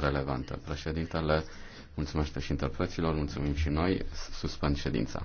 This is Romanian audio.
relevantă. Președintele mulțumesc și interpreților, mulțumim și noi, suspend ședința.